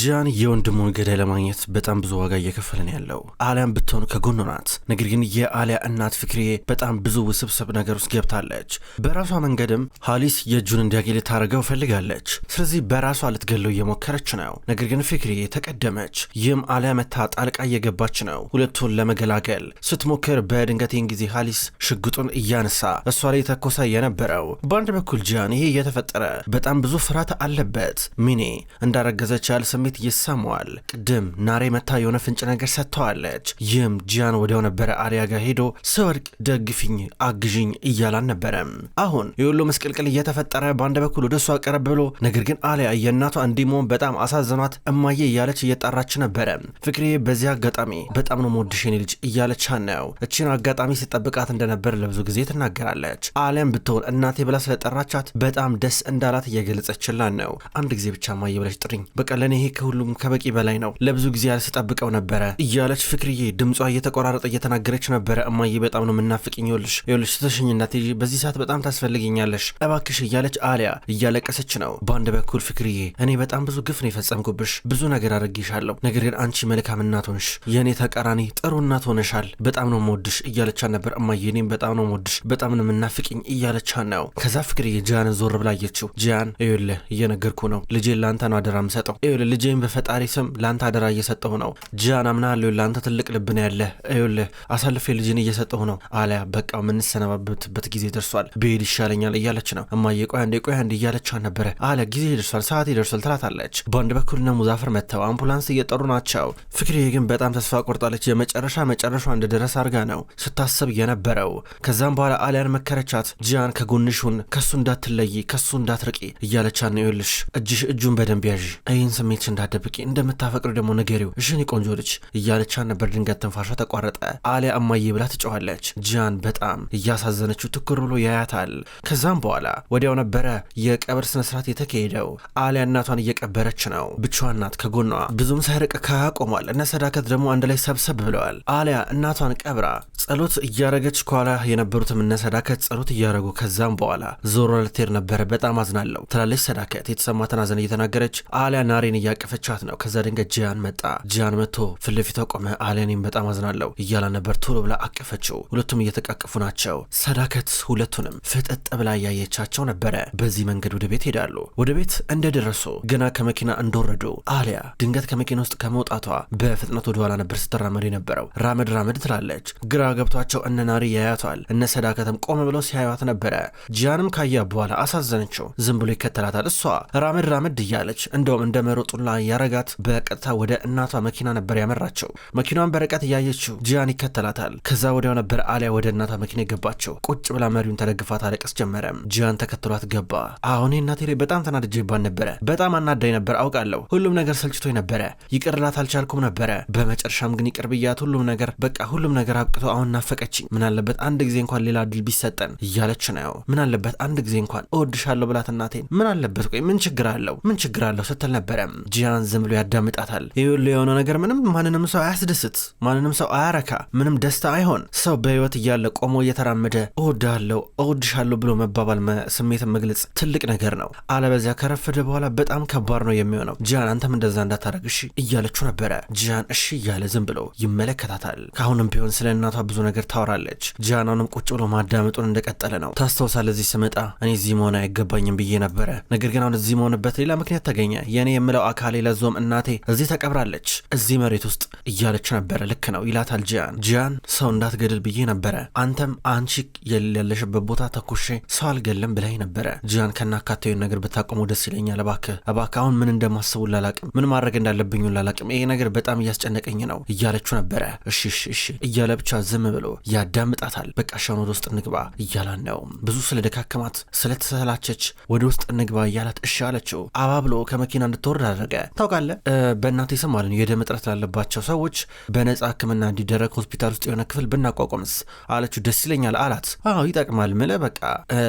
ጃን የወንድሙን ገዳይ ለማግኘት በጣም ብዙ ዋጋ እየከፈለ ያለው። አሊያን ብትሆን ከጎኑ ናት። ነገር ግን የአሊያ እናት ፍክሬ በጣም ብዙ ውስብስብ ነገር ውስጥ ገብታለች። በራሷ መንገድም ሀሊስ የእጁን እንዲያገኝ ልታደርገው ፈልጋለች። ስለዚህ በራሷ ልትገለው እየሞከረች ነው። ነገር ግን ፍክሬ ተቀደመች። ይህም አሊያ መታ ጣልቃ እየገባች ነው። ሁለቱን ለመገላገል ስትሞክር በድንገቴን ጊዜ ሀሊስ ሽጉጡን እያነሳ እሷ ላይ ተኮሳ የነበረው። በአንድ በኩል ጃን ይሄ እየተፈጠረ በጣም ብዙ ፍርሃት አለበት። ሚኔ እንዳረገዘች ያልስም ስሜት ይሰማዋል። ቅድም ናሬ መታ የሆነ ፍንጭ ነገር ሰጥተዋለች። ይህም ጂያን ወዲያው ነበረ አሊያ ጋር ሄዶ ስወድቅ ደግፊኝ፣ አግዥኝ እያላን ነበረም። አሁን የሁሉ ምስቅልቅል እየተፈጠረ በአንድ በኩል ወደ እሷ ቀረብ ብሎ ነገር ግን አሊያ የእናቷ እንዲህ መሆን በጣም አሳዘኗት። እማዬ እያለች እየጠራች ነበረ። ፍቅሬ በዚህ አጋጣሚ በጣም ነው የምወድሽ ልጅ እያለቻ ነው። እችን አጋጣሚ ስጠብቃት እንደነበር ለብዙ ጊዜ ትናገራለች። አሊያም ብትሆን እናቴ ብላ ስለጠራቻት በጣም ደስ እንዳላት እየገለጸችላት ነው። አንድ ጊዜ ብቻ እማዬ ብለች ጥሪኝ በቀለን ይሄ ከሁሉም ከበቂ በላይ ነው፣ ለብዙ ጊዜ ያልስጠብቀው ነበረ እያለች ፍክርዬ ድምጿ እየተቆራረጠ እየተናገረች ነበረ። እማዬ በጣም ነው የምናፍቅኝ፣ ይኸውልሽ ይኸውልሽ ስትሽኝ እናቴ በዚህ ሰዓት በጣም ታስፈልግኛለሽ፣ እባክሽ እያለች አሊያ እያለቀሰች ነው። በአንድ በኩል ፍክርዬ እኔ በጣም ብዙ ግፍ ነው የፈጸምኩብሽ፣ ብዙ ነገር አድርጌሻለሁ። ነገር ግን አንቺ መልካም እናት ሆንሽ፣ የእኔ ተቃራኒ ጥሩ እናት ሆነሻል። በጣም ነው የምወድሽ እያለቻን ነበር። እማዬ እኔም በጣም ነው የምወድሽ፣ በጣም ነው የምናፍቅኝ እያለቻን ነው። ከዛ ፍክርዬ ጂያንን ዞር ብላ አየችው። ጂያን ይኸውልህ እየነገርኩ ነው ልጄ ለአንተ ነው አደራ የምሰጠው ልጄን በፈጣሪ ስም ለአንተ አደራ እየሰጠሁ ነው። አምና አምናለሁ። ለአንተ ትልቅ ልብ ነው ያለህ። ይኸውልህ አሳልፌ እየሰጠሁ ነው። አሊያ በቃ የምንሰነባበትበት ጊዜ ደርሷል፣ ብሄድ ይሻለኛል እያለች ነው። እማዬ ቆይ አንዴ ቆይ አንዴ እያለቻት ነበረ። አሊያ ጊዜ ደርሷል፣ ሰዓት ደርሷል ትላታለች። በአንድ በኩል እነ ሙዛፈር መጥተው አምቡላንስ እየጠሩ ናቸው። ፍክርዬ ግን በጣም ተስፋ ቆርጣለች። የመጨረሻ መጨረሻ እንደደረሰ አድርጋ ነው ስታሰብ የነበረው። ከዛም በኋላ አሊያን መከረቻት። ጃን ከጎንሹን ከሱ እንዳትለይ ከሱ እንዳትርቂ እያለቻ ነው። ይኸውልሽ እጅሽ እጁን በደንብ ያዥ፣ ይህን ስሜት እንዳትገልች እንዳደብቂ እንደምታፈቅር ደግሞ ንገሪው እሽን ቆንጆ ልጅ እያለቻን ነበር። ድንገት ትንፋሿ ተቋረጠ። አሊያ እማዬ ብላ ትጨዋለች። ጂያን በጣም እያሳዘነችው ትኩር ብሎ ያያታል። ከዛም በኋላ ወዲያው ነበረ የቀብር ስነስርዓት የተካሄደው። አሊያ እናቷን እየቀበረች ነው። ብቻዋን ናት። ከጎኗ ብዙም ሳይርቅ ከያ ቆሟል። እነ ሰዳከት ደግሞ አንድ ላይ ሰብሰብ ብለዋል። አሊያ እናቷን ቀብራ ጸሎት እያረገች ከኋላ የነበሩትም እነ ሰዳከት ጸሎት እያረጉ ከዛም በኋላ ዞሮ ልትሄድ ነበረ። በጣም አዝናለሁ ትላለች ሰዳከት የተሰማትን ሐዘን እየተናገረች አሊያ ናሬን እያ እያቀፈቻት ነው። ከዛ ድንገት ጂያን መጣ። ጂያን መጥቶ ፊት ለፊቷ ቆመ። አሊያኔም በጣም አዝናለሁ እያለ ነበር። ቶሎ ብላ አቀፈችው። ሁለቱም እየተቃቀፉ ናቸው። ሰዳከት ሁለቱንም ፍጥጥ ብላ እያየቻቸው ነበረ። በዚህ መንገድ ወደ ቤት ሄዳሉ። ወደ ቤት እንደደረሱ ገና ከመኪና እንደወረዱ አሊያ ድንገት ከመኪና ውስጥ ከመውጣቷ በፍጥነት ወደኋላ ነበር ስትራመድ የነበረው። ራመድ ራመድ ትላለች። ግራ ገብቷቸው እነ ናሪ ያያቷል። እነ ሰዳከትም ቆም ብለው ሲያዩት ነበረ። ጂያንም ካያ በኋላ አሳዘነችው። ዝም ብሎ ይከተላታል። እሷ ራመድ ራመድ እያለች እንደውም እንደመሮጡ እንድትቆላ ያረጋት በቀጥታ ወደ እናቷ መኪና ነበር ያመራቸው። መኪናዋን በርቀት እያየችው ጂያን ይከተላታል። ከዛ ወዲያው ነበር አሊያ ወደ እናቷ መኪና የገባቸው። ቁጭ ብላ መሪውን ተደግፋ ታለቅስ ጀመረ። ጂያን ተከትሏት ገባ። አሁን እናቴ ላይ በጣም ተናድጄባን ነበረ። በጣም አናዳኝ ነበር አውቃለሁ። ሁሉም ነገር ሰልችቶኝ ነበረ። ይቅርላት አልቻልኩም ነበረ። በመጨረሻም ግን ይቅር ብያት ሁሉም ነገር በቃ ሁሉም ነገር አብቅቶ አሁን ናፈቀችኝ። ምን አለበት አንድ ጊዜ እንኳን ሌላ እድል ቢሰጠን እያለች ነው። ምን አለበት አንድ ጊዜ እንኳን እወድሻለሁ ብላት እናቴን ምን አለበት ቆይ ምን ችግር አለው ምን ችግር አለው ስትል ነበረ። ጂያን ዝም ብሎ ያዳምጣታል። ይሁሉ የሆነ ነገር ምንም ማንንም ሰው አያስደስት፣ ማንንም ሰው አያረካ፣ ምንም ደስታ አይሆን። ሰው በህይወት እያለ ቆሞ እየተራመደ እወድሃለሁ፣ እወድሻለሁ ብሎ መባባል ስሜት መግለጽ ትልቅ ነገር ነው። አለበዚያ ከረፈደ በኋላ በጣም ከባድ ነው የሚሆነው። ጂያን አንተም እንደዛ እንዳታረግ እሺ እያለችው ነበረ። ጂያን እሺ እያለ ዝም ብሎ ይመለከታታል። ከአሁንም ቢሆን ስለ እናቷ ብዙ ነገር ታወራለች። ጂያን አሁንም ቁጭ ብሎ ማዳመጡን እንደቀጠለ ነው። ታስታውሳለህ፣ እዚህ ስመጣ እኔ እዚህ መሆን አይገባኝም ብዬ ነበረ። ነገር ግን አሁን እዚህ መሆንበት ሌላ ምክንያት ተገኘ። የእኔ የምለው አካል አካሌ ለዞም እናቴ እዚህ ተቀብራለች እዚህ መሬት ውስጥ እያለች ነበረ። ልክ ነው ይላታል ጂያን። ጂያን ሰው እንዳትገድል ብዬ ነበረ፣ አንተም አንቺ የሌለሽበት ቦታ ተኩሼ ሰው አልገለም ብላይ ነበረ። ጂያን ከናካቴውን ነገር ብታቆሙ ደስ ይለኛል። እባክህ እባክህ፣ አሁን ምን እንደማስቡ ላላቅም፣ ምን ማድረግ እንዳለብኝ ላላቅም፣ ይሄ ነገር በጣም እያስጨነቀኝ ነው እያለችው ነበረ። እሺ እሺ እያለ ብቻ ዝም ብሎ ያዳምጣታል። በቃ ሻውን ወደ ውስጥ እንግባ እያላን ነው። ብዙ ስለ ደካከማት ስለተሰላቸች ወደ ውስጥ እንግባ እያላት እሺ አለችው። አባ ብሎ ከመኪና እንድትወርድ አደረገ። ተደረገ። ታውቃለህ በእናቴ ስም ማለት ነው የደም እጥረት ላለባቸው ሰዎች በነፃ ሕክምና እንዲደረግ ሆስፒታል ውስጥ የሆነ ክፍል ብናቋቋምስ አለችው። ደስ ይለኛል አላት። አዎ ይጠቅማል ምለ በቃ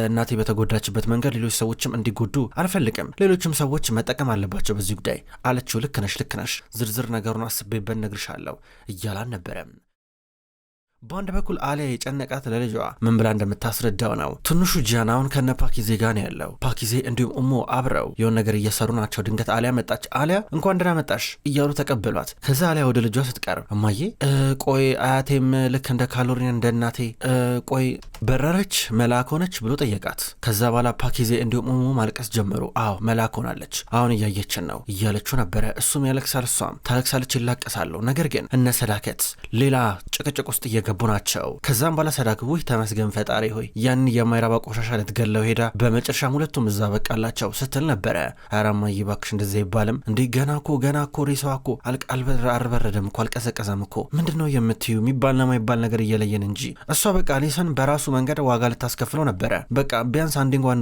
እናቴ በተጎዳችበት መንገድ ሌሎች ሰዎችም እንዲጎዱ አልፈልግም። ሌሎችም ሰዎች መጠቀም አለባቸው በዚህ ጉዳይ አለችው። ልክ ነሽ ልክ ነሽ፣ ዝርዝር ነገሩን አስቤበት እነግርሻለሁ እያላን ነበረም በአንድ በኩል አሊያ የጨነቃት ለልጇ ምን ብላ እንደምታስረዳው ነው። ትንሹ ጂያን አሁን ከነ ፓኪዜ ጋር ነው ያለው። ፓኪዜ እንዲሁም እሞ አብረው የሆን ነገር እየሰሩ ናቸው። ድንገት አሊያ መጣች። አሊያ እንኳን ደህና መጣሽ እያሉ ተቀበሏት። ከዛ አሊያ ወደ ልጇ ስትቀርብ እማዬ ቆይ አያቴም ልክ እንደ ካሎሪን እንደ እናቴ ቆይ በረረች መልአክ ሆነች ብሎ ጠየቃት። ከዛ በኋላ ፓኪዜ እንዲሁም እሞ ማልቀስ ጀመሩ። አዎ መልአክ ሆናለች፣ አሁን እያየችን ነው እያለችው ነበረ። እሱም ያለቅሳል፣ እሷም ታለቅሳለች፣ ይላቀሳሉ። ነገር ግን እነ ሰዳከት ሌላ ጭቅጭቅ ውስጥ እየገ የተንከባከቡ ናቸው። ከዛም በኋላ ሰዳክቦ ተመስገን ፈጣሪ ሆይ ያን የማይረባ ቆሻሻ ልትገለው ሄዳ በመጨረሻም ሁለቱም እዛ በቃላቸው ስትል ነበረ። አራማ ይባክሽ እንደዚ ይባልም እንዴ ገና ኮ ገና ኮ ሬሳዋ ኮ አልበረደም እኮ አልቀዘቀዘም እኮ ምንድን ነው የምትዩ የማይባል ነገር እየለየን እንጂ እሷ በቃ ሊሰን በራሱ መንገድ ዋጋ ልታስከፍለው ነበረ። በቃ ቢያንስ አንዴ እንኳን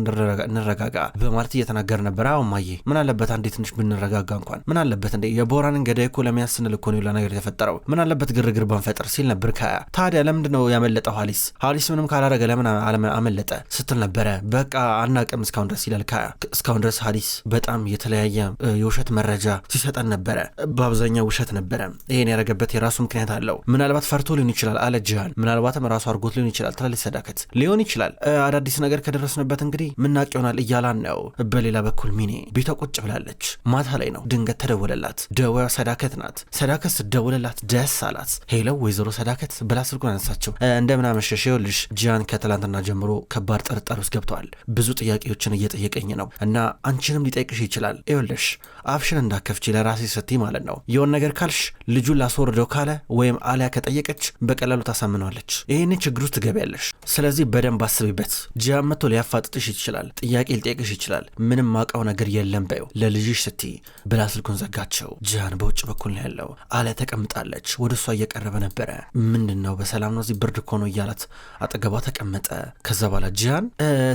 እንረጋጋ በማለት እየተናገር ነበረ። አዎ እማዬ ምን አለበት አንዴ ትንሽ ብንረጋጋ እንኳን ምን አለበት እንዴ የቦራንን ገዳይ እኮ ለመያዝ ስንል እኮ ነው ነገር የተፈጠረው ምን አለበት ግርግር ባንፈጥር ሲል ነበር ከያ ታዲያ ለምንድን ነው ያመለጠው? ሀሊስ ሀሊስ ምንም ካላረገ ለምን አመለጠ ስትል ነበረ። በቃ አናቅም እስካሁን ድረስ ይላል። እስካሁን ድረስ ሀዲስ በጣም የተለያየ የውሸት መረጃ ሲሰጠን ነበረ። በአብዛኛው ውሸት ነበረ። ይሄን ያደረገበት የራሱ ምክንያት አለው። ምናልባት ፈርቶ ሊሆን ይችላል አለ ምናልባትም ራሱ አድርጎት ሊሆን ይችላል ትላለች ሰዳከት። ሊሆን ይችላል አዳዲስ ነገር ከደረስንበት እንግዲህ ምናቅ ይሆናል እያላን ነው። በሌላ በኩል ሚኔ ቤቷ ቁጭ ብላለች። ማታ ላይ ነው ድንገት ተደወለላት። ደወ ሰዳከት ናት። ሰዳከት ስትደውልላት ደስ አላት። ሄለው ወይዘሮ ሰዳከት ብላ ስልኩን አነሳቸው። እንደምናመሸሽ ይኸውልሽ፣ ጂያን ከትላንትና ጀምሮ ከባድ ጥርጣሬ ውስጥ ገብተዋል። ብዙ ጥያቄዎችን እየጠየቀኝ ነው እና አንቺንም ሊጠይቅሽ ይችላል። ይኸውልሽ፣ አፍሽን እንዳከፍቺ ለራሴ ስትይ ማለት ነው። የሆን ነገር ካልሽ ልጁን ላስወርደው ካለ ወይም አሊያ ከጠየቀች በቀላሉ ታሳምነዋለች። ይህን ችግር ውስጥ ትገቢያለሽ። ስለዚህ በደንብ አስቢበት። ጂያን መጥቶ ሊያፋጥጥሽ ይችላል። ጥያቄ ሊጠይቅሽ ይችላል። ምንም ማውቀው ነገር የለም በይው ለልጅሽ ስትይ ብላ ስልኩን ዘጋቸው። ጂያን በውጭ በኩል ነው ያለው። አሊያ ተቀምጣለች። ወደ እሷ እየቀረበ ነበረ። ምንድነው ነው በሰላም ነው እዚህ ብርድ እኮ ነው እያላት አጠገቧ ተቀመጠ። ከዛ በኋላ ጂያን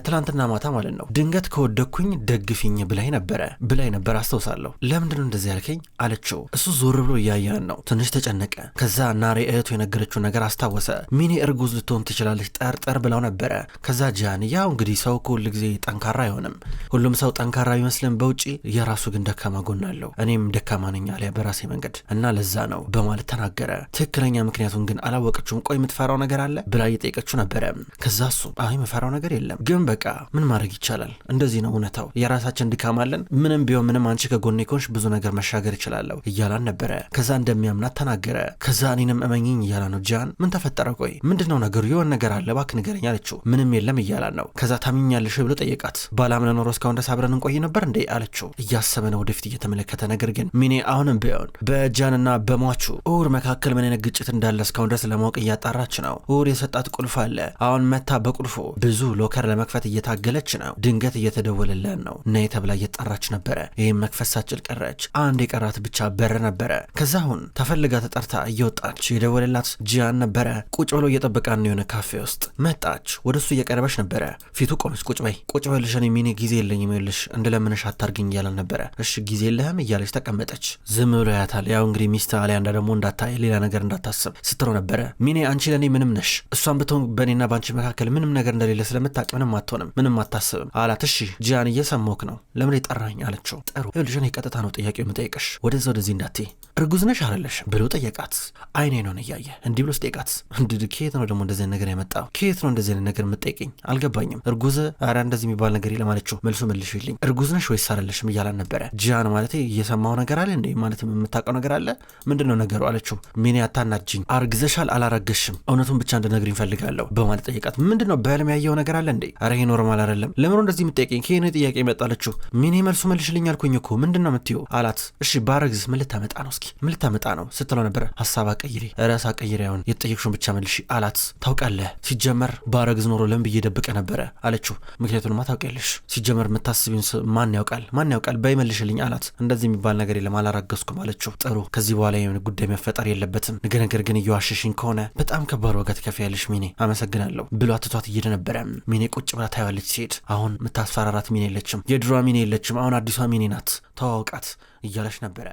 ትላንትና ማታ ማለት ነው ድንገት ከወደኩኝ ደግፊኝ ብላይ ነበረ ብላይ ነበር አስታውሳለሁ። ለምንድን ነው እንደዚህ ያልከኝ አለችው። እሱ ዞር ብሎ እያያን ነው ትንሽ ተጨነቀ። ከዛ ናሬ እህቱ የነገረችው ነገር አስታወሰ። ሚኒ እርጉዝ ልትሆን ትችላለች ጠርጠር ብለው ነበረ። ከዛ ጂያን ያው እንግዲህ ሰው ከሁል ጊዜ ጠንካራ አይሆንም፣ ሁሉም ሰው ጠንካራ ቢመስልም በውጪ የራሱ ግን ደካማ ጎን አለው። እኔም ደካማ ነኝ አለ በራሴ መንገድ እና ለዛ ነው በማለት ተናገረ። ትክክለኛ ምክንያቱን ግን አላወቅ አልነበረችውም። ቆይ የምትፈራው ነገር አለ ብላ እየጠየቀችው ነበረ። ከዛ እሱ አይ የምፈራው ነገር የለም፣ ግን በቃ ምን ማድረግ ይቻላል፣ እንደዚህ ነው እውነታው፣ የራሳችን ድካም አለን። ምንም ቢሆን ምንም አንቺ ከጎኔ ከሆንሽ ብዙ ነገር መሻገር ይችላለሁ እያላን ነበረ። ከዛ እንደሚያምናት ተናገረ። ከዛ እኔንም እመኝኝ እያላ ነው ጃን። ምን ተፈጠረ? ቆይ ምንድን ነው ነገሩ? የሆን ነገር አለ እባክህ ንገረኝ አለችው። ምንም የለም እያላን ነው። ከዛ ታምኛለሽ ብሎ ጠየቃት። ባላምነ ኖሮ እስካሁን ደስ አብረን እንቆይ ነበር እንዴ አለችው። እያሰበ ነው ወደፊት እየተመለከተ ነገር ግን ሚኔ አሁንም ቢሆን በጃንና በሟቹ እውር መካከል ምን አይነት ግጭት እንዳለ እስካሁን ድረስ ለማወቅ እያጣራች ነው። ውር የሰጣት ቁልፍ አለ። አሁን መታ በቁልፉ ብዙ ሎከር ለመክፈት እየታገለች ነው። ድንገት እየተደወለለን ነው። ነይ ተብላ እየጣራች ነበረ። ይህም መክፈት ሳችል ቀረች። አንድ የቀራት ብቻ በር ነበረ። ከዛ አሁን ተፈልጋ ተጠርታ እየወጣች የደወለላት ጂያን ነበረ። ቁጭ ብሎ እየጠበቃን ነው የሆነ ካፌ ውስጥ መጣች። ወደ እሱ እየቀረበች ነበረ። ፊቱ ቆመች። ቁጭ በይ ቁጭ በልሽ፣ እኔ ሚኒ ጊዜ የለኝም ይኸውልሽ እንደለምነሽ አታርግኝ እያለን ነበረ። እሺ ጊዜ የለህም እያለች ተቀመጠች። ዝም ብሎ ያታል። ያው እንግዲህ ሚስት አሊያንዳ ደግሞ እንዳታይ ሌላ ነገር እንዳታስብ ስትሮ ነበረ ሚኔ አንቺ ለእኔ ምንም ነሽ፣ እሷን ብትሆን በእኔና በአንቺ መካከል ምንም ነገር እንደሌለ ስለምታውቅ ምንም አትሆንም፣ ምንም አታስብም አላት። እሺ ጂያን እየሰማሁህ ነው፣ ለምን ጠራኝ አለችው። ጥሩ ይኸውልሽ፣ እኔ ቀጥታ ነው ጥያቄው የምጠይቅሽ፣ ወደዛ ወደዚህ እንዳትዪ እርጉዝነሽ ነሽ አለለሽ ብሎ ጠየቃት። አይኔ ነውን እያየ እንዲህ ብሎ ስጠቃት እንድድ ከየት ነው ደግሞ እንደዚህ ነገር ያመጣው? ከየት ነው እንደዚህ ነገር የምጠይቅኝ? አልገባኝም። እርጉዝ ኧረ እንደዚህ የሚባል ነገር የለም አለችው። መልሱ መልሽልኝ፣ እርጉዝ ነሽ ወይስ አለለሽም እያላን ነበረ። ጂያን ማለት እየሰማው ነገር አለ እንዴ? ማለት የምታውቀው ነገር አለ? ምንድን ነው ነገሩ አለችው። ሚኔ አታናጅኝ፣ አርግዘሻል አላረገሽም፣ እውነቱን ብቻ እንድነግር ይፈልጋለሁ በማለት ጠየቃት። ምንድን ነው በህልም ያየው ነገር አለ እንዴ? አረ ይሄ ኖርማል አይደለም። ለምሮ እንደዚህ የምጠይቅኝ? ከየት ጥያቄ ይመጣለችው። አለችው። ሚኔ መልሶ መልሽልኝ አልኩኝ እኮ ምንድን ነው የምትይው አላት። እሺ ባረግዝ ምን ልታመጣ ነው? እስኪ ምን ልታመጣ ነው ስትለው ነበረ። ሀሳብ አቀይሬ ራስ አቀይሪ ያሁን የተጠየቅሽውን ብቻ መልሽ አላት። ታውቃለህ ሲጀመር ባረግዝ ኖሮ ለምብ ብዬ ደብቀ ነበረ አለችው። ምክንያቱንማ ታውቂያለሽ። ሲጀመር የምታስቢውን ማን ያውቃል ማን ያውቃል በይ መልሽልኝ አላት። እንደዚህ የሚባል ነገር የለም አላራገዝኩም አለችው። ጥሩ ከዚህ በኋላ የሆነ ጉዳይ መፈጠር የለበትም ንገ ነገር ግን እየዋሸሽኝ ከሆነ በጣም ከባድ ዋጋ ትከፍያለሽ ሚኔ አመሰግናለሁ ብሎ አትቷት እየሄደ ነበረ። ሚኔ ቁጭ ብላ ታየዋለች ሲሄድ። አሁን የምታስፈራራት ሚኔ የለችም፣ የድሯ ሚኔ የለችም። አሁን አዲሷ ሚኔ ናት ተዋውቃት እያለች ነበረ።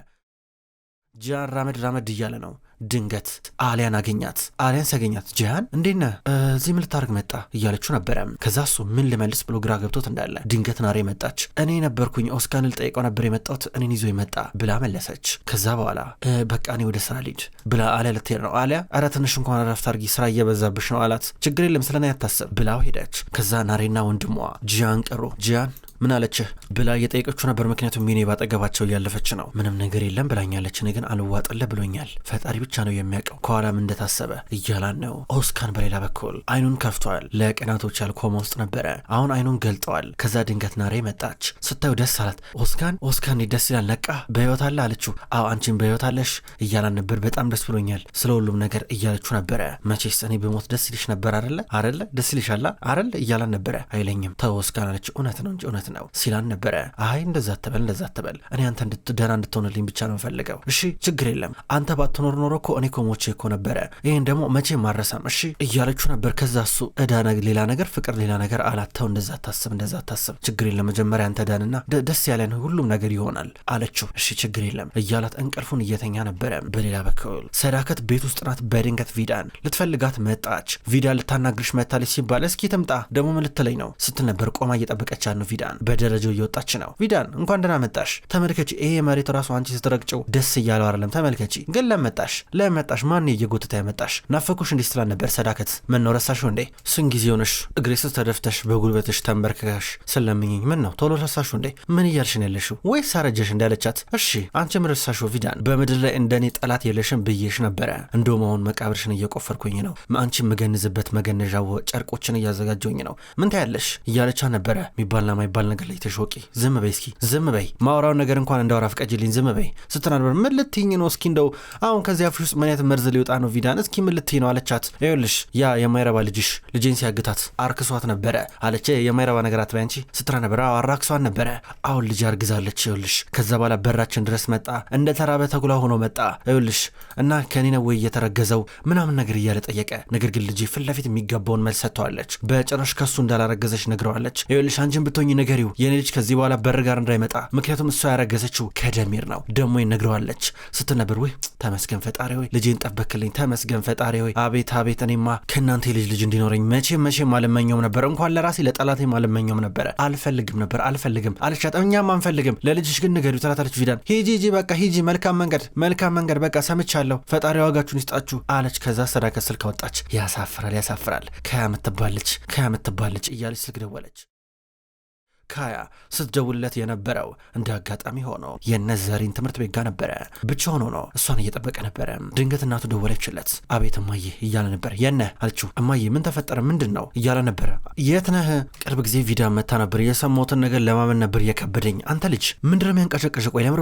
ጂያን ራመድ ራመድ እያለ ነው። ድንገት አሊያን አገኛት። አሊያን ሲያገኛት ጂያን እንዴት ነህ እዚህ ምን ልታደርግ መጣ እያለችው ነበረ። ከዛ እሱ ምን ልመልስ ብሎ ግራ ገብቶት እንዳለ ድንገት ናሬ መጣች። እኔ ነበርኩኝ ኦስካን ልጠይቀው ነበር የመጣሁት እኔን ይዞ መጣ ብላ መለሰች። ከዛ በኋላ በቃ እኔ ወደ ስራ ልሂድ ብላ አሊያ ልትሄድ ነው። አሊያ አረ ትንሽ እንኳን ረፍት አድርጊ ስራ እየበዛብሽ ነው አላት። ችግር የለም ስለና ያታሰብ ብላው ሄደች። ከዛ ናሬና ወንድሟ ጂያን ቀሩ። ጂያን ምን አለችህ ብላ እየጠየቀችው ነበር። ምክንያቱም ሚኔ ባጠገባቸው እያለፈች ነው። ምንም ነገር የለም ብላኛለች፣ እኔ ግን አልዋጥልህ ብሎኛል። ፈጣሪ ብቻ ነው የሚያውቀው ከኋላም እንደታሰበ እያላን ነው። ኦስካን በሌላ በኩል አይኑን ከፍቷል። ለቀናቶች ያል ኮማ ውስጥ ነበረ። አሁን አይኑን ገልጠዋል። ከዛ ድንገት ናሬ መጣች። ስታዩ ደስ አላት። ኦስካን ኦስካን ደስ ይላል። ነቃ በህይወት አለ አለችው። አዎ አንቺን በህይወት አለሽ እያላን ነበር። በጣም ደስ ብሎኛል ስለ ሁሉም ነገር እያለችው ነበረ። መቼስ እኔ በሞት ደስ ይልሽ ነበር አለ አለ ደስ ይልሻላ አለ እያላን ነበረ። አይለኝም ተው ኦስካን እውነት ነው እንጂ እውነት ነው ነው ሲላን ነበረ። አይ እንደዛ አትበል እንደዛ አትበል፣ እኔ አንተ ደህና እንድትሆንልኝ ብቻ ነው ፈልገው እሺ ችግር የለም አንተ ባትኖር ኖሮ እኮ እኔ ኮሞቼ እኮ ነበረ። ይህን ደግሞ መቼ ማረሳም። እሺ እያለችው ነበር። ከዛ እሱ እዳ ሌላ ነገር ፍቅር ሌላ ነገር አላተው። እንደዛ ታስብ፣ እንደዛ ታስብ፣ ችግር የለም መጀመሪያ አንተ ዳንና ደስ ያለን ሁሉም ነገር ይሆናል አለችው። እሺ ችግር የለም እያላት እንቅልፉን እየተኛ ነበረ። በሌላ በኩል ሰዳከት ቤት ውስጥ ናት። በድንገት ቪዳን ልትፈልጋት መጣች። ቪዳ ልታናግርሽ መታለች ሲባል እስኪ ትምጣ ደግሞ ምን ልትለኝ ነው ስትል ነበር። ቆማ እየጠበቀች ነው ቪዳ ቪዳን በደረጃው እየወጣች ነው። ቪዳን እንኳን ደህና መጣሽ። ተመልከች፣ ይሄ መሬት ራሱ አንቺ ስትረግጭው ደስ እያለው አይደለም። ተመልከች፣ ግን ለመጣሽ ለመጣሽ ማን እየጎተተ ያመጣሽ? ናፈኩሽ እንዲህ ስትላል ነበር ሰዳከት። ምን ነው ረሳሽው እንዴ? ስን ጊዜ ሆነሽ እግሬ ስር ተደፍተሽ በጉልበትሽ ተንበርክከሽ ስለምኝኝ ምን ነው ቶሎ ረሳሽው እንዴ? ምን እያልሽ ነው ያለሽው? ወይስ አረጀሽ እንዳለቻት። እሺ አንቺም ረሳሽው ቪዳን፣ በምድር ላይ እንደኔ ጠላት የለሽም ብዬሽ ነበረ። እንደውም አሁን መቃብርሽን እየቆፈርኩኝ ነው። አንቺ የምገንዝበት መገነዣ ጨርቆችን እያዘጋጀውኝ ነው። ምን ታያለሽ እያለቻ ነበረ። ሚባልና ማይባል የሚባል ነገር ላይ ተሾቂ ዝም በይ እስኪ ዝም በይ ማውራውን ነገር እንኳን እንዳወራ ፍቀጅልኝ ዝም በይ ስትናበር ምን ልትይኝ ነው እስኪ እንደው አሁን ከዚያ አፍሽ ውስጥ ምን ያት መርዝ ሊወጣ ነው ቪዳን እስኪ ምን ልትይ ነው አለቻት ይኸውልሽ ያ የማይረባ ልጅሽ ልጄን ሲያግታት አርክሷት ነበረ አለች የማይረባ ነገር አትበይ አንቺ ስትራ ነበረ አራክሷን ነበረ አሁን ልጅ አርግዛለች ይኸውልሽ ከዛ በኋላ በራችን ድረስ መጣ እንደ ተራበ ተኩላ ሆኖ መጣ ይኸውልሽ እና ከኔ ነው ወይ እየተረገዘው ምናምን ነገር እያለ ጠየቀ ነገር ግን ልጄ ፊት ለፊት የሚገባውን መልስ ሰጥተዋለች በጭራሽ ከሱ እንዳላረገዘች ነግረዋለች ይኸውልሽ አንቺን ብትሆኝ ነገር ንገሪው የኔ ልጅ ከዚህ በኋላ በር ጋር እንዳይመጣ፣ ምክንያቱም እሷ ያረገዘችው ከደሚር ነው ደሞ ይነግረዋለች ስትነብር፣ ነበር። ወይ ተመስገን ፈጣሪ ወይ ልጄን ጠበክልኝ፣ ተመስገን ፈጣሪ ወይ አቤት አቤት። እኔማ ከእናንተ የልጅ ልጅ እንዲኖረኝ መቼም መቼም አልመኘውም ነበር፣ እንኳን ለራሴ ለጠላቴም አልመኘውም ነበረ። አልፈልግም ነበር አልፈልግም አልቻጠም፣ እኛም አንፈልግም። ለልጅሽ ግን ንገሪው ትላታለች ቪዳን። ሂጂ ሂጂ በቃ ሂጂ፣ መልካም መንገድ መልካም መንገድ በቃ ሰምቻለሁ፣ ፈጣሪ ዋጋችሁን ይስጣችሁ አለች። ከዛ ስራ ስልክ አወጣች። ያሳፍራል ያሳፍራል። ከያ ምትባለች ከያ ምትባለች እያለች ስልክ ደወለች። ካያ ስትደውልለት የነበረው እንደ አጋጣሚ ሆኖ የነዘሪን ትምህርት ቤት ጋር ነበረ። ብቻውን ሆኖ እሷን እየጠበቀ ነበረ። ድንገት እናቱ ደወለችለት። አቤት እማዬ እያለ ነበር። የነ አልችው እማዬ ምን ተፈጠረ ምንድን ነው እያለ ነበረ። የት ነህ? ቅርብ ጊዜ ቪዳ መታ ነበር። የሰማሁትን ነገር ለማመን ነበር የከበደኝ። አንተ ልጅ ምንድን ነው የሚያንቀሸቀሽ? ቆይ ለምንድን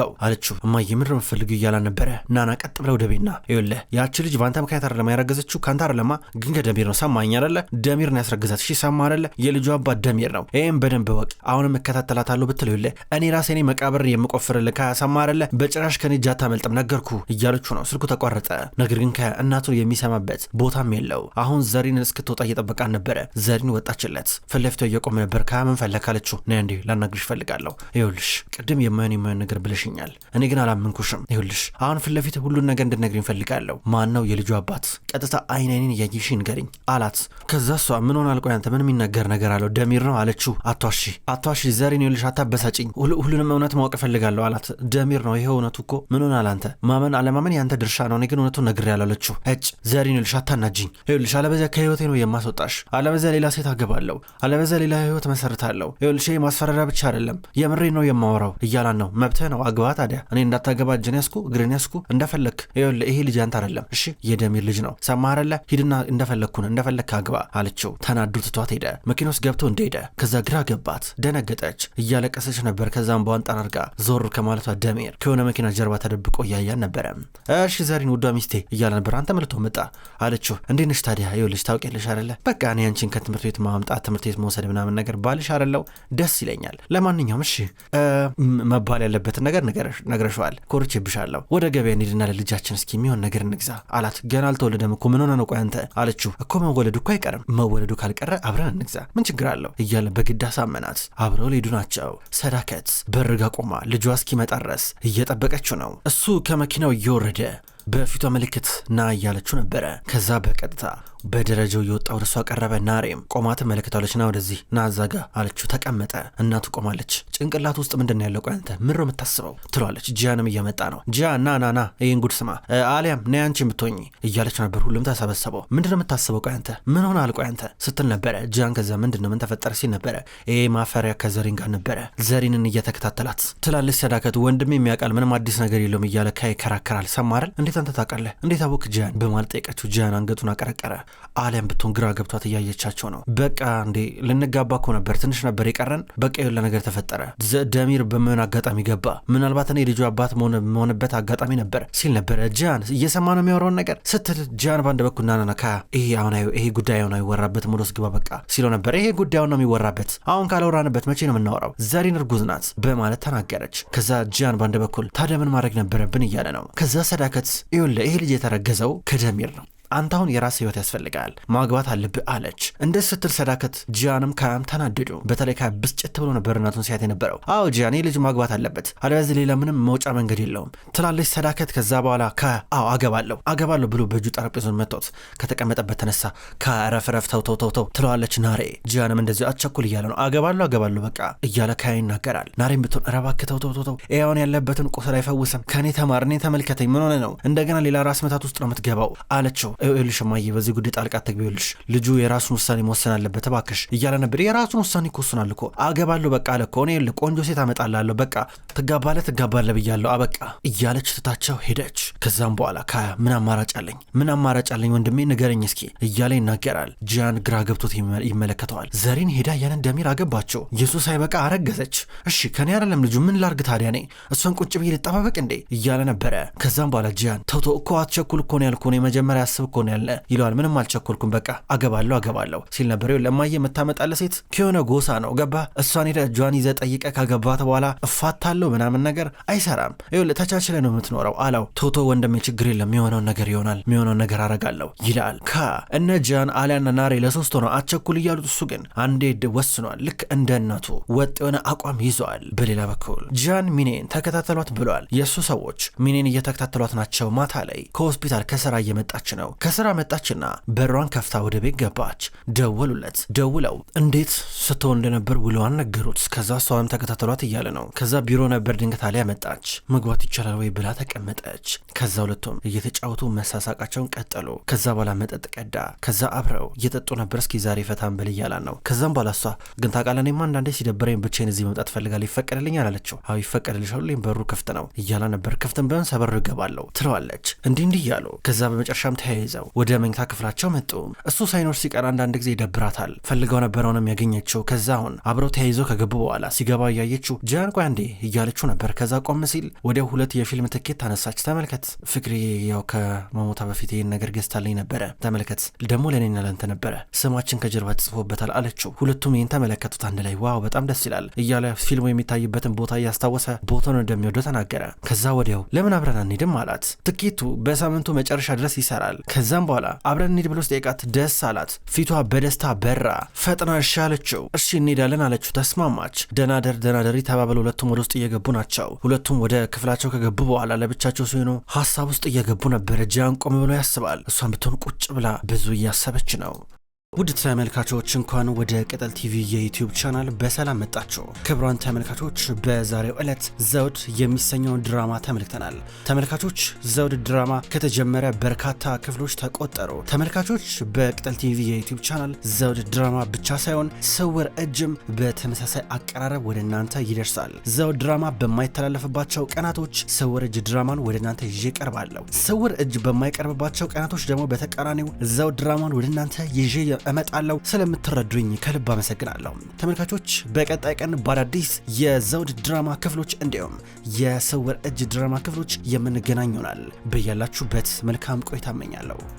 ነው አለችው። እማዬ ምንድን ነው እያለ ነበረ። ናና ቀጥ ብለው ደቤና ይኸውልህ፣ ያቺ ልጅ በአንተ ምክንያት አይደለም ያረገዘችው ከአንተ አይደለማ፣ ግን ከደሜር ነው። ሰማኝ አለ ደሚር ነው ያስረግዛት። እሺ ሰማ የልጁ አባት ደሚር ነው። ይህም በደ በደንብ ወቅ አሁንም እከታተላታለሁ ብትል ይለ እኔ ራሴ እኔ መቃብር የምቆፍርልህ ካያሳማ አይደለ በጭራሽ ከኔ እጅ አታመልጥም ነገርኩ እያለችው ነው። ስልኩ ተቋረጠ። ነገር ግን ከእናቱ የሚሰማበት ቦታም የለው። አሁን ዘሪን እስክትወጣ እየጠበቃ ነበረ። ዘሪን ወጣችለት። ፊትለፊቷ እየቆመ ነበር። ከምን ፈለግ አለችው። ነይ እንዲህ ላናግርሽ እፈልጋለሁ። ይኸውልሽ ቅድም የማይሆን የማይሆን ነገር ብለሽኛል፣ እኔ ግን አላመንኩሽም። ይሁልሽ አሁን ፊትለፊት ሁሉን ነገር እንድነግሪኝ እፈልጋለሁ። ማን ነው የልጁ አባት? ቀጥታ አይን አይኔን እያየሽ ንገሪኝ አላት። ከዛ እሷ ምን ሆነ አልቆ ያንተ ምን የሚነገር ነገር አለው ደሚር ነው አለችው። አቶ አታሺ አታሺ ዘሬን ይኸውልሽ አታበሳጭኝ፣ ሁሉንም እውነት ማወቅ እፈልጋለሁ አላት። ደሚር ነው ይሄ እውነቱ እኮ ምን ሆናል አንተ ማመን አለማመን ያንተ ድርሻ ነው። እኔ ግን እውነቱን ነግሬያለሁ አለችው። እጭ ዘሬን ይኸውልሽ አታናጅኝ፣ ይኸውልሽ አለበዚያ ከህይወቴ ነው የማስወጣሽ፣ አለበዚያ ሌላ ሴት አገባለሁ፣ አለበዚያ ሌላ ህይወት መሰርታለሁ። ይኸውልሽ ማስፈራሪያ ብቻ አይደለም የምሬ ነው የማወራው እያላን ነው። መብትህ ነው አግባ ታዲያ፣ እኔ እንዳታገባ እጅን ያስኩ እግርን ያስኩ እንደፈለክ። ይኸውልህ ይሄ ልጅ አንተ አይደለም እሺ፣ የደሚር ልጅ ነው ሰማህ ሂድና እንደፈለግኩን እንደፈለክ አግባ አለችው። ተናዱ ትቷት ሄደ። መኪና ውስጥ ገብቶ እንደሄደ ከዛ ግራ አስገባት። ደነገጠች፣ እያለቀሰች ነበር። ከዛም በዋንጣ አድርጋ ዞር ከማለቷ ደሜር ከሆነ መኪና ጀርባ ተደብቆ እያያን ነበረ። እሺ ዘሪን ወዷ ሚስቴ እያለ ነበር። አንተ መልቶ መጣ አለችው። እንዴት ነሽ ታዲያ? ይኸውልሽ ታውቂያለሽ አይደለ በቃ እኔ አንቺን ከትምህርት ቤት ማምጣት ትምህርት ቤት መውሰድ ምናምን ነገር ባልሽ አይደለው ደስ ይለኛል። ለማንኛውም እሺ መባል ያለበትን ነገር ነግረሸዋል። ኮርቼብሻለሁ። ወደ ገበያ እንሂድና ለልጃችን እስኪ የሚሆን ነገር እንግዛ አላት። ገና አልተወለደም እኮ ምን ሆነ ነው ቆይ አንተ አለችው። እኮ መወለዱ እኮ አይቀርም መወለዱ ካልቀረ አብረን እንግዛ ምን ችግር አለው እያለ በግዳሳ አሳመናት። አብረው ሊሄዱ ናቸው። ሰዳከት በርጋ ቆማ ልጇ እስኪመጣ ድረስ እየጠበቀችው ነው። እሱ ከመኪናው እየወረደ በፊቷ ምልክት ና እያለችው ነበረ። ከዛ በቀጥታ በደረጃው እየወጣ ወደ እሷ ቀረበ። ናሬም ቆማ ትመለከታለች። ና ወደዚህ ና አዛጋ አለችው። ተቀመጠ። እናቱ ቆማለች። ጭንቅላት ውስጥ ምንድን ነው ያለው? ቆይ አንተ ምን ነው የምታስበው? ትሏለች። ጂያንም እየመጣ ነው። ጂያ ና ና ና፣ ይህን ጉድ ስማ፣ አሊያም ና አንቺ የምትሆኝ እያለች ነበር። ሁሉም ተሰበሰበው። ምንድን ነው የምታስበው? ቆይ አንተ ምን ሆነ አልቆ አንተ ስትል ነበረ። ጂያን ከዛ ምንድን ነው ምን ተፈጠረ ሲል ነበረ። ይሄ ማፈሪያ ከዘሪን ጋር ነበረ። ዘሪንን እየተከታተላት ትላለች። ሰዳከቱ ወንድም የሚያውቃል ምንም አዲስ ነገር የለውም እያለ ከይከራከራል። ሰማረል እንዴት አንተ ታውቃለህ? እንዴት አወቅ ጂያን በማለት ጠየቀችው። ጂያን አንገቱን አቀረቀረ። አሊያም ብትሆን ግራ ገብቷት እያየቻቸው ነው። በቃ እንዴ ልንጋባ እኮ ነበር፣ ትንሽ ነበር የቀረን። በቃ የለ ነገር ተፈጠረ። ደሚር በምን አጋጣሚ ገባ? ምናልባት እኔ ልጁ አባት መሆንበት አጋጣሚ ነበር ሲል ነበረ። ጃን። እየሰማ ነው የሚያወራውን ነገር ስትል ጃን በአንድ በኩል ናናና ከ ይሄ አሁን ይሄ ጉዳይ ነው ይወራበት ሞዶስ ግባ በቃ ሲለው ነበር። ይሄ ጉዳዩ ነው የሚወራበት አሁን ካላወራንበት መቼ ነው የምናወራው? ዘሪን እርጉዝ ናት በማለት ተናገረች። ከዛ ጃን በአንድ በኩል ታዲያ ምን ማድረግ ነበረብን እያለ ነው። ከዛ ሰዳከት ይኸውልህ ይሄ ልጅ የተረገዘው ከደሚር ነው አንተ አሁን የራስ ህይወት ያስፈልጋል ማግባት አለብህ አለች። እንደዚህ ስትል ሰዳከት ጂያንም ካያም ተናደዱ። በተለይ ካያ ብስጭት ብሎ ነበር እናቱን ሲያት የነበረው። አዎ ጂያን ልጅ ማግባት አለበት አለበዚህ ሌላ ምንም መውጫ መንገድ የለውም ትላለች ሰዳከት። ከዛ በኋላ ካያ አዎ አገባለሁ አገባለሁ ብሎ በእጁ ጠረጴዙን መቶት ከተቀመጠበት ተነሳ። ከረፍ ረፍ ትለዋለች ናሬ። ጂያንም እንደዚሁ አቸኩል እያለ ነው አገባለሁ አገባለሁ በቃ እያለ ካያ ይናገራል። ናሬም ብትሆን ረባክ ተውተውተውተው ኤያውን ያለበትን ቁስል አይፈውስም ከኔ ተማር እኔ ተመልከተኝ ምን ሆነ ነው እንደገና ሌላ ራስ መታት ውስጥ ነው የምትገባው አለችው። እልሽ እማዬ፣ በዚህ ጉዳይ ጣልቃ አትግቢ፣ ልጁ የራሱን ውሳኔ መወሰን አለበት እባክሽ እያለ ነበር። የራሱን ውሳኔ እኮ እሱን አልኮ አገባለሁ በቃ አለ እኮ እኔ ቆንጆ ሴት አመጣላለሁ በቃ ትጋባለህ ትጋባለህ ብያለሁ አበቃ እያለች ትታቸው ሄደች። ከዛም በኋላ ካያ ምን አማራጭ አለኝ ምን አማራጭ አለኝ ወንድሜ ንገረኝ እስኪ እያለ ይናገራል። ጂያን ግራ ገብቶት ይመለከተዋል። ዘሪን ሄዳ ያንን ደሚር አገባቸው። የሱስ አይበቃ አረገዘች። እሺ ከኔ አይደለም ልጁ ምን ላርግ ታዲያ እኔ እሷን ቁጭ ብዬ ልጠባበቅ እንዴ እያለ ነበረ። ከዛም በኋላ ጂያን ተውቶ እኮ አትቸኩል እኮ ነው ያልኩህ እኔ መጀመሪያ ያስብ እኮ ነው ይለዋል። ምንም አልቸኮልኩም በቃ አገባለሁ አገባለሁ ሲል ነበር። ለማየ የምታመጣለ ሴት ከሆነ ጎሳ ነው ገባ። እሷን ሄደ እጇን ይዘ ጠይቀ ካገባት በኋላ እፋታለሁ ምናምን ነገር አይሰራም። ይኸውልህ ተቻችለ ነው የምትኖረው አለው። ቶቶ ወንድሜ ችግር የለም የሚሆነውን ነገር ይሆናል የሚሆነውን ነገር አረጋለሁ ይላል። ካ እነ ጃን አሊያና ናሬ ለሶስት ሆነው አቸኩል እያሉት እሱ ግን አንዴ ወስኗል። ልክ እንደ እናቱ ወጥ የሆነ አቋም ይዘዋል። በሌላ በኩል ጃን ሚኔን ተከታተሏት ብሏል። የእሱ ሰዎች ሚኔን እየተከታተሏት ናቸው። ማታ ላይ ከሆስፒታል ከስራ እየመጣች ነው። ከስራ መጣችና በሯን ከፍታ ወደ ቤት ገባች። ደወሉለት። ደውለው እንዴት ስትሆን እንደነበር ውለዋን ነገሩት። ከዛ እሷንም ተከታተሏት እያለ ነው። ከዛ ቢሮ ነበር ድንገት አሊያ መጣች። መግባት ይቻላል ወይ ብላ ተቀመጠች። ከዛ ሁለቱም እየተጫወቱ መሳሳቃቸውን ቀጠሉ። ከዛ በኋላ መጠጥ ቀዳ። ከዛ አብረው እየጠጡ ነበር። እስኪ ዛሬ ፈታን ብል እያላን ነው። ከዛም በኋላ እሷ ግን ታውቃለህ፣ እኔማ አንዳንዴ ሲደብረኝ ብቻዬን እዚህ መምጣት እፈልጋለሁ ይፈቀድልኛል አለችው። አዎ ይፈቀድልሻል፣ በሩ ክፍት ነው እያላ ነበር። ክፍትን ቢሆን ሰበሩ ይገባለሁ ትለዋለች። እንዲህ እንዲህ እያሉ ከዛ በመጨረሻም ተያይዘ ይዘው ወደ መኝታ ክፍላቸው መጡ። እሱ ሳይኖር ሲቀር አንዳንድ ጊዜ ይደብራታል። ፈልገው ነበረውንም ያገኘችው። ከዛ አሁን አብረው ተያይዘው ከገቡ በኋላ ሲገባ እያየችው ጃን ቆይ አንዴ እያለችው ነበር። ከዛ ቆም ሲል ወዲያው ሁለት የፊልም ትኬት ታነሳች። ተመልከት ፍቅሪ፣ ያው ከመሞታ በፊት ይህን ነገር ገዝታልኝ ነበረ። ተመልከት ደግሞ ለእኔና ለንተ ነበረ፣ ስማችን ከጀርባ ተጽፎበታል አለችው። ሁለቱም ይህን ተመለከቱት አንድ ላይ። ዋው በጣም ደስ ይላል እያለ ፊልሙ የሚታይበትን ቦታ እያስታወሰ ቦታውን እንደሚወደው ተናገረ። ከዛ ወዲያው ለምን አብረን አንሄድም አላት። ትኬቱ በሳምንቱ መጨረሻ ድረስ ይሰራል። ከዛም በኋላ አብረን እንሂድ ብሎ ስጠይቃት ደስ አላት። ፊቷ በደስታ በራ። ፈጥና እሺ አለችው። እሺ እንሄዳለን አለችው። ተስማማች። ደናደር ደናደሪ ተባብለ ሁለቱም ወደ ውስጥ እየገቡ ናቸው። ሁለቱም ወደ ክፍላቸው ከገቡ በኋላ ለብቻቸው ሲሆኑ ሀሳብ ውስጥ እየገቡ ነበረ። ጂያን ቆም ብሎ ያስባል። እሷን ብትሆን ቁጭ ብላ ብዙ እያሰበች ነው። ውድ ተመልካቾች እንኳን ወደ ቅጠል ቲቪ የዩቲዩብ ቻናል በሰላም መጣችሁ። ክቡራን ተመልካቾች በዛሬው ዕለት ዘውድ የሚሰኘውን ድራማ ተመልክተናል። ተመልካቾች ዘውድ ድራማ ከተጀመረ በርካታ ክፍሎች ተቆጠሩ። ተመልካቾች በቅጠል ቲቪ የዩቲዩብ ቻናል ዘውድ ድራማ ብቻ ሳይሆን ስውር እጅም በተመሳሳይ አቀራረብ ወደ እናንተ ይደርሳል። ዘውድ ድራማ በማይተላለፍባቸው ቀናቶች ስውር እጅ ድራማን ወደ እናንተ ይዤ ቀርባለሁ። ስውር እጅ በማይቀርብባቸው ቀናቶች ደግሞ በተቃራኒው ዘውድ ድራማን ወደ እናንተ ይዤ እመጣለሁ። ስለምትረዱኝ ከልብ አመሰግናለሁ። ተመልካቾች በቀጣይ ቀን በአዳዲስ የዘውድ ድራማ ክፍሎች እንዲሁም የስውር እጅ ድራማ ክፍሎች የምንገናኝ ይሆናል። በያላችሁበት መልካም ቆይታ እመኛለሁ።